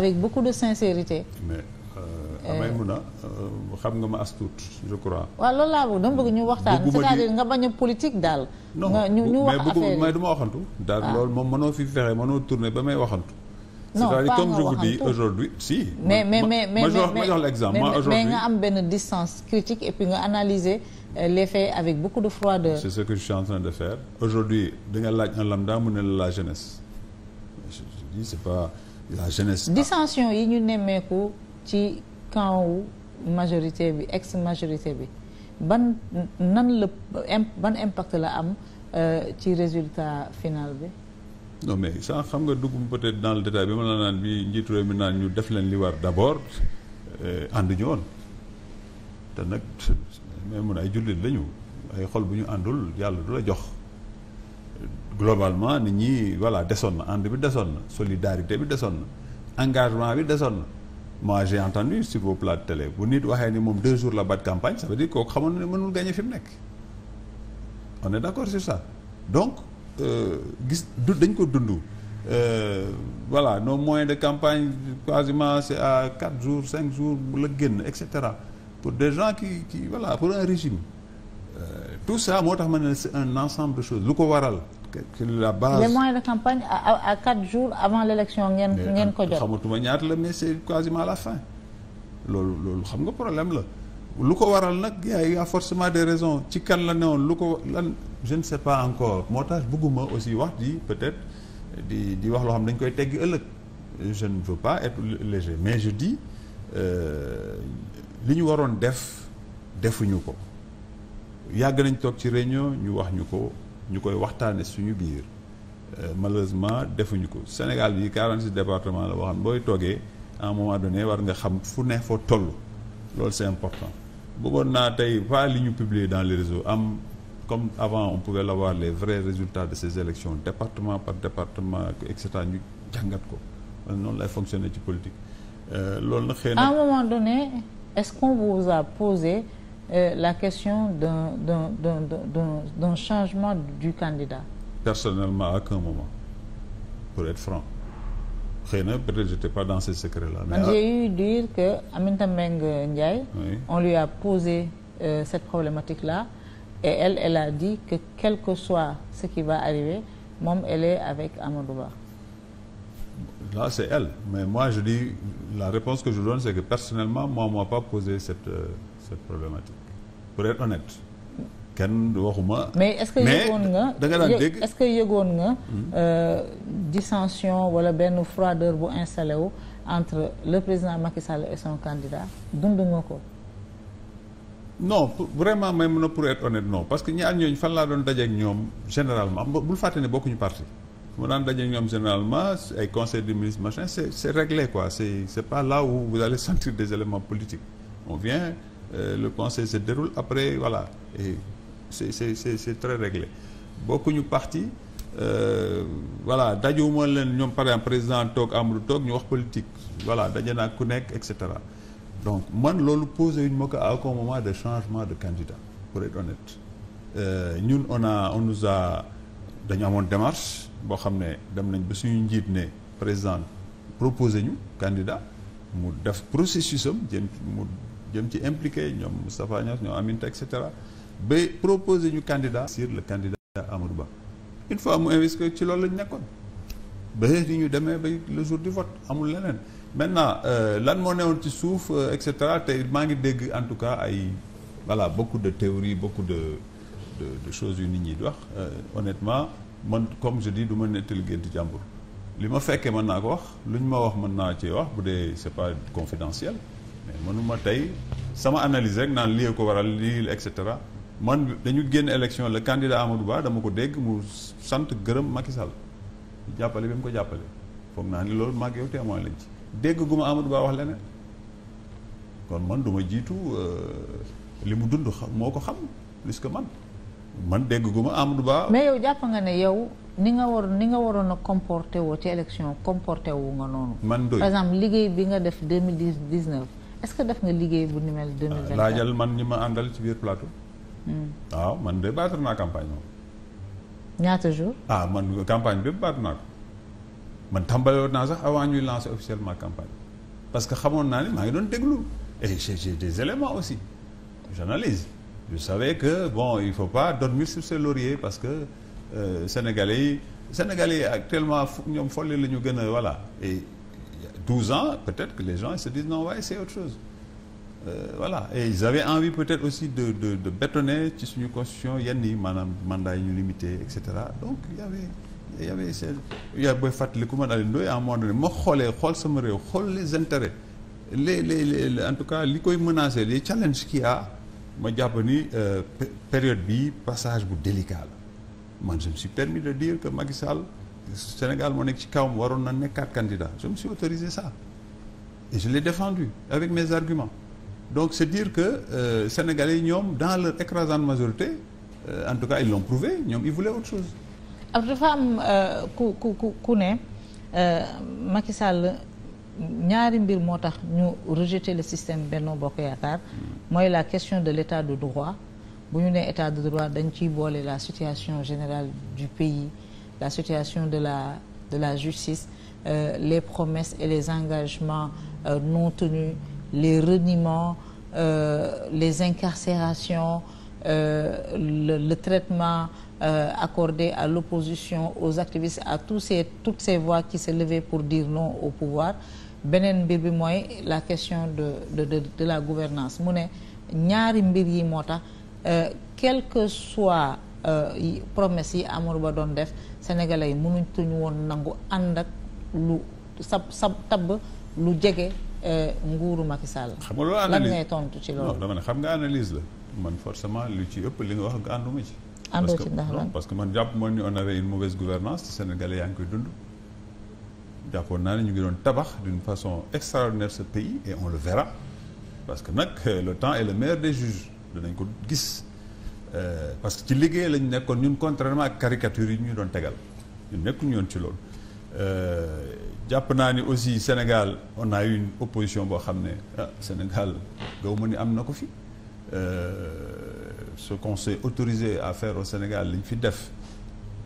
avec beaucoup de sincérité. mais euh, na euh, xam nga ma as je crois. waaw loolu laa bëgg dama bëgg ñu waxtaan nga bañ a politique daal. nga ñu ñu wax affaire mais du ma waxantu. daal ah. loolu moom mënoo fi fexe mënoo tourner ba may waxantu. non pas nga comme je vous dis aujourd'hui si. mais mais mais mais mais nga am benn distance critique et puis nga analyser euh, les faits avec beaucoup de froideur. c'est ce que je suis de faire aujourd'hui di nga laaj un lambda mu ne la la jeunesse je c'est pas. la jeunesse. dissension yi ñu nemmeeku ci camp wu majorité bi ex majorité bi ban nan la ban impact la am euh, ci résultat final bi. non mais ça xam nga dugg peut-être dans le détail bi ma la naan bi njiitu réew mi naan ñu def leen li war d'abord euh, ànd ñu te nag mais mun ay jullit lañu ay xol bu ñu àndul yàlla du la jox. globalement nit ñi voilà desoon na end bi desoon na solidarité bi desoon na engagement bi desoon na mois j'ai entendu sur vos plateaux télé bu nit waxee ni moom deux jours la bat campagne ça veut dire kooku xamoon ne mënul gagner fi mu nekk on est d'accord sur ça donc euh, gis du dañ ko dund euh, voilà nos moyens de campagne quasiment c'est à quatre jours cinq jours bu la génn et cetera pour des gens qui qui voilà pour un régime euh, tout ça moo tax ma ne un ensemble de choses lu ko waral que la base. les moyens de campagne à à quatre jours avant l'élection ngeen ngeen ko jot. xamatuma ñaata la mais quasiment la fin loolu loolu xam nga problème la lu ko waral nag y a forcément des raisons ci kan la ne woon lu ko lan je ne sais pas encore moo tax bëgguma aussi wax di peut-être di di wax loo xam dañ koy tegg ëllëg je ne veux pas être léger mais je dis euh, li ñu waroon def defuñu ko yàgg nañ toog ci réunion ñu wax ñu ko. ñu koy waxtaane suñu biir euh, malheureusement defuñu ko Sénégal bi 46 département la boo xam booy toogee à un moment donné war nga xam fu ne foo toll loolu c'est important bëggoon naa tey pas li ñu publier dans les réseau am comme avant on pouvait l'avoir les vrais résultats de ces élections département par département et cetera ñu jàngat ko euh, noonu lay fonctionner ci politique euh, loolu na xëy na à moment donné est-ce qu'on vous a posé Euh, la question d'un d'un changement du candidat personnellement à qu'un moment pour être franc xëy na pas dans ces secrets-là mais j'ai eu dire que Aminata Mbengue on lui a posé euh, cette problématique-là et quel que soit ce qui va arriver moom elle est avec Amadou Ba là c'est elle mais je dis la réponse que je donne c'est que personnellement moi on m'a pas posé cette euh, problématique pour être honnête kenn waxuma. mais est-ce que yëgoon nga da nga daan dégg est-ce que yëgoon nga. Hmm. Euh, dissension wala benn froideur bu installé wu entre le président Macky Sall et son candidat dund nga ko. non vraiment may mën a pour être honnête non parce que ñaar ñooñu fan laa doon dajeek ñoom généralement bul fàtte ne bokkuñu parti mu daan dajeek ñoom généralement ay conseil du ministre machin c'est c'est réglé quoi c'est c'est pas là où vous allez sentir des éléments politiques on vient. Euh, le conseil se déroule après voilà et c'est c'est c'est c'est très réglé bokkuñu parti Euh, voilà dajewuma leen ñoom par président toog amul toog ñu wax politique voilà daje naa ku nekk et cetera donc man loolu posé wuñ ma ko à aucun moment de changement de candidat pour être honnête euh, ñun euh, on a on nous dañu amoon démarche boo xam ne dem nañ ba suñu njiit ne président proposé ñu candidat mu def processus am jën mu jëm ci impliqué ñoom Moustapha Niass ñoom Aminta et cetera ba proposé ñu candidat sur le candidat Amadou Ba une fois mu investir ci loolu lañ nekkoon ba ni ñu demee ba le jour du vote amul leneen maintenant euh, lan moo newoon ci suuf euh, et cetera maa ngi dégg en tout cas ay voilà beaucoup de théories beaucoup de de de choses yu nit ñi di wax euh, honnêtement man comme je dis du ma nettali gént jàmbur li ma fekkee mën naa ko wax lu ñu ma wax mën naa cee wax bu dee c'est pas confidentiel mënuma tey sama analyse rek naan lii ko waral lii et cetera man dañu génn élection le candidat Amadou Ba dama ko dégg mu sant gërëm Macky Sall jàppale bi mu ko jàppale foog naa ni loolu mag yow témoin lañ ci dégg gu wax leneen kon man du ma jiitu euh, li mu dund moo ko xam plus man man dégg gu ma Amadou Ba. mais yow jàpp nga ne yow ni nga war ni nga waroon na comporté woo ci élection comporté wu nga noonu. man doy par exemple liggéey bi nga def deux mille dix est-ce que def nga liggéey bu ni mel. 2024 laajal man ñi ma àndal ci biir plateau. Hmm. waaw man de battre naa campagne moom. ñaata jour ah man campagne bépp battre naa ko man tàmbalewoon naa sax avant ñuy lancer officiellement campagne parce que xamoon naa ne maa ngi doon déglu et j'ai des éléments aussi j'analyse je savais que bon il faut pas dormir sur ses lauriers parce que euh, sénégalais yi sénégalais yi actuellement ñoom folli la ñu gën a voilà 12 ans peut-être que les gens ils se disent waaye c'est autre chose euh, voilà et ils avaient envie peut-être aussi de de de bétonner ci suñu constitution yenn yi maanaam mandaay ñu limité et cetera donc y avait y avait booy fàttaliku ma daal di à un moment donné ma xoolee xool sama réew xool les intérêts les les les en tout cas li koy menacer les challenges qu'il y a ma jàpp ni euh, période bi passage bu délicat la man je me suis permis de dire que Macky Sénégal moo nekk ci kawam waroon na nekkaat candidat je me suis autorisé ça et je l'ai défendu avec mes arguments donc c'est dire que euh, Sénégalais yi ñoom dans leur écrasante majorité euh, en tout cas ils l'ont prouvé ñoom ils voulaient autre chose. alors dafa am euh, ku ku ku ne euh, Macky Sall ñaari mbir moo tax ñu rejeter le système Benno Bokk Yaakaar hmm. mooy la question de l'état de droit bu ñu ne état de droit dañ ciy boole la situation générale du pays. la situation de la de la justice euh, les promesses et les engagements euh, non tenus les reniements euh, les incarcérations euh, le, le traitement euh, accordé à l'opposition aux activistes à tous ces toutes ces voix qui se levaient pour dire non au pouvoir beneen mbir bi mooy la question de de de, de la gouvernance mu ne ñaari mbir yi moo tax euh, quel que soit Euh, promesse yi Amadou Ba doon def sénégalais yi mënuñ tuñu woon nangu ànd ak lu sab sab tabb lu jege euh, nguuru Macky Sall. xam nga loolu analyse lan ngay tontu ci dama ne xam nga analyse la man forcément lu ci ëpp li nga wax nga ànduma ci. àndoo ci ndax lan parce que man jàpp moo ni on avait une mauvaise gouvernance te yaa ngi koy dund. jàppoon naa ne ñu ngi doon tabax d'une façon extraordinaire ce pays et on le parce que nag euh, le temps et le meilleur des juges danañ ko gis. Euh, parce que ci liggéey lañ nekkoon ñun contrairement ak caricature yi ñu doon tegal ñun nekkuñu yoon ci loolu euh, jàpp naa ni aussi Sénégal on a eu boo xam ne ah, Sénégal gaw ma ni am na ko fi euh, ce qu'on s'est autorisé à faire au Sénégal liñ fi def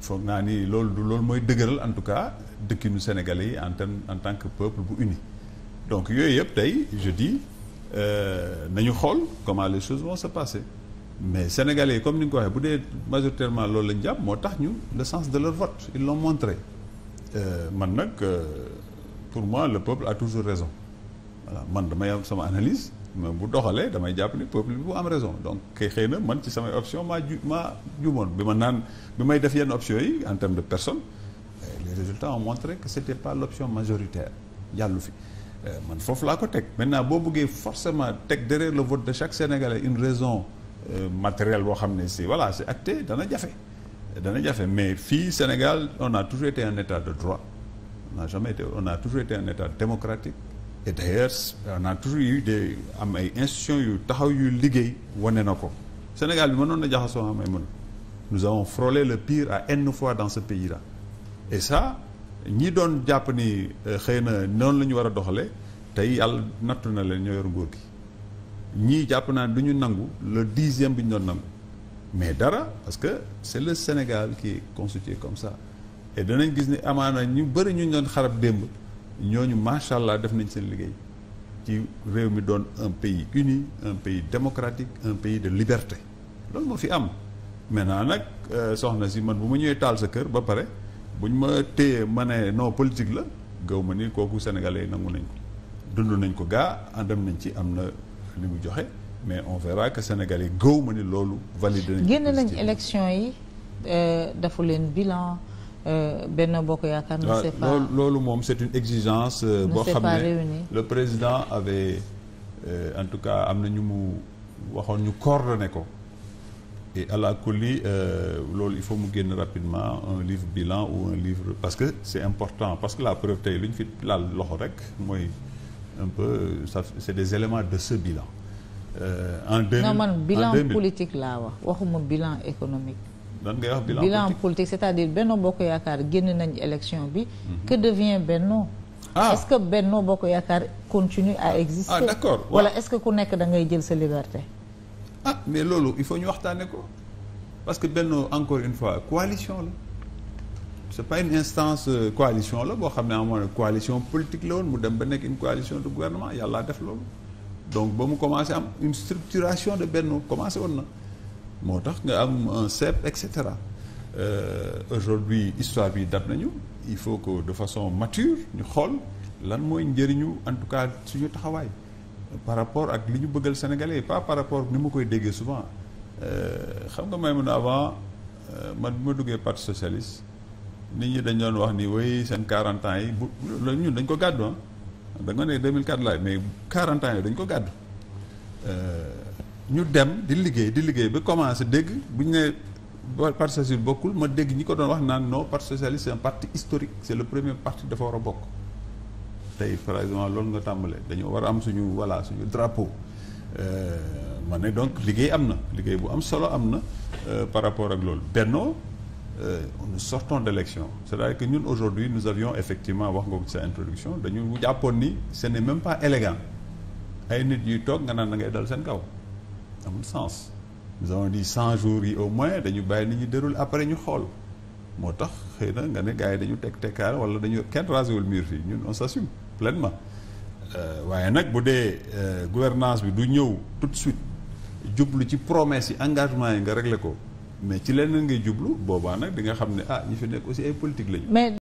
foog naa ni loolu du loolu mooy dëgëral en tout cas dëkkinu Sénégalais yi en terme en tant que peuple bu uni donc yooyu yëpp tey je dis nañu xool comment les choses vont se passer mais sénégalais yi comme ni nga ko waxee bu dee majoritairement loolu lañ jàpp moo tax ñu le sens de leur vote ils l'ont montré euh, man nag euh, pour moi le peuple a toujours raison voilà man damay am sama analyse mais bu doxalee damay jàpp ni peuple bi bu am raison donc kay xëy na man ci samay option maa ju maa juumoon bi ma naan bi may def yenn option yi en termes de personnes euh, les résultats ont montré que c'était pas l'option majoritaire jàllu fi man foofu laa ko teg maintenant boo bëggee forcément teg derrière le vote de chaque Sénégalais une raison Euh, matériel boo xam ne si voilà si acté dana jafe dana jafe mais fii Sénégal on a toujours été un état de droit on n'a jamais été on a toujours été démocratique et d'ailleurs on a toujours eu des am ay institutions yu taxaw yu liggéey wane na ko Sénégal bi mënoon na jaxasoo am ay mën nous avons frôlé le pire à n fois dans ce pays la et ça ñi doon jàpp ni euh, xëy na noonu la ñu war a doxalee tey yàlla nattu na leen ñoo yor nguur gi ñii jàpp naa du ñu nangu le dixième bi ñu doon nangu mais dara parce que c'est le Sénégal qui est comme ça et danañ gis ni amaana ñu bëri ñuñ doon xarab démb ñooñu macha allah def nañ seen liggéey ci réew mi doon un pays uni un pays démocratique un pays de liberté loolu moo fi am maintenant nag euh, soxna si man bu ma ñëwee taal sa kër ba pare buñ ma téye ma ne non politique la gaw ma ni kooku sénégalais nangu nañ ko dund nañ ko gaa àndam nañ ci am na li mu joxe mais on verra que Sénégal yi gëw ma ni loolu valide nañ génn nañ élection yi euh, dafa leen bilan euh, Benno Bokk Yaakaar ne ah, loolu moom c'est une exigence euh, boo xam ne le président avait en tout cas am na ñu mu waxoon ñu coordonné ko et à la coli loolu il faut mu génn rapidement un livre bilan ou un livre parce que c'est important parce que la preuve tey lu ñu fi laal loxo rek mooy un peu ça des éléments de ce bilan. Euh, en man bilan politique laa wax waxuma bilan économique. lan ngay wax bilan, bilan politique. politique c'est-à-dire Benno Bokk Yaakaar génn nañ élection bi. Mm-hmm. que devient Benno. ah est-ce que Benno Bokk Yaakaar continue à exister. ah d'accord wala est-ce que ku nekk da ngay jël sa liberté. ah mais loolu il faut ñu waxtaane ko parce que Benno encore une fois coalition la. c'est pas une instance euh, coalition la boo xam ne amoon coalition politique la woon mu dem ba nekk une coalition de gouvernement yàlla def loolu donc ba mu commencé am une structuration de Benno commencé woon na moo tax nga am un CEP et cetera euh, aujourd'hui histoire bi dab nañu il faut que de façon mature ñu xool lan mooy njëriñu en tout cas suñu taxawaay par rapport ak li ñu bëggal sénégalais pas par rapport ni ma koy déggee souvent euh, xam nga may mun avant man bi ma duggee parti socialiste nit ñi dañu doon wax ni way seen 40 ans yi bu loolu ñun dañ ko gàddu ah da nga ne 2004 laay mais 40 ans yi dañ ko gàddu euh, ñu dem di liggéey di liggéey ba commencé dégg bu ñu nee parti socialiste bokkul ma dégg ñi ko doon wax naan non parti socialiste c'est un parti historique c'est le premier parti dafa war a bokk. tey par exemple loolu nga tàmbalee dañoo war a am suñu voilà suñu drapeau euh, ma ne donc liggéey am na liggéey bu am solo am na euh, par rapport ak loolu bennoo. euh, nous sortons d'élection c'est-à-dire que ñun aujourd'hui nous avions effectivement wax nga ko sa introduction dañu jàppoon ni ce même pas élégant ay nit ñuy toog nga naan da ngay dal seen kaw amul sens nous avons dit cent jours yi au moins dañu bàyyi nit ñi dërul après ñu xool moo tax xëy na nga ne gars dañu teg tekkaar wala dañu kenn rasewul mur fii ñun on s'assume pleinement euh, waaye nag bu dee euh, gouvernance bi du ñëw tout de suite jublu ci promesse yi engagement yi nga réglé ko mais ci leneen ngay jublu boobaa nag di nga xam ne ah ñi fi nekk aussi ay politique lañu.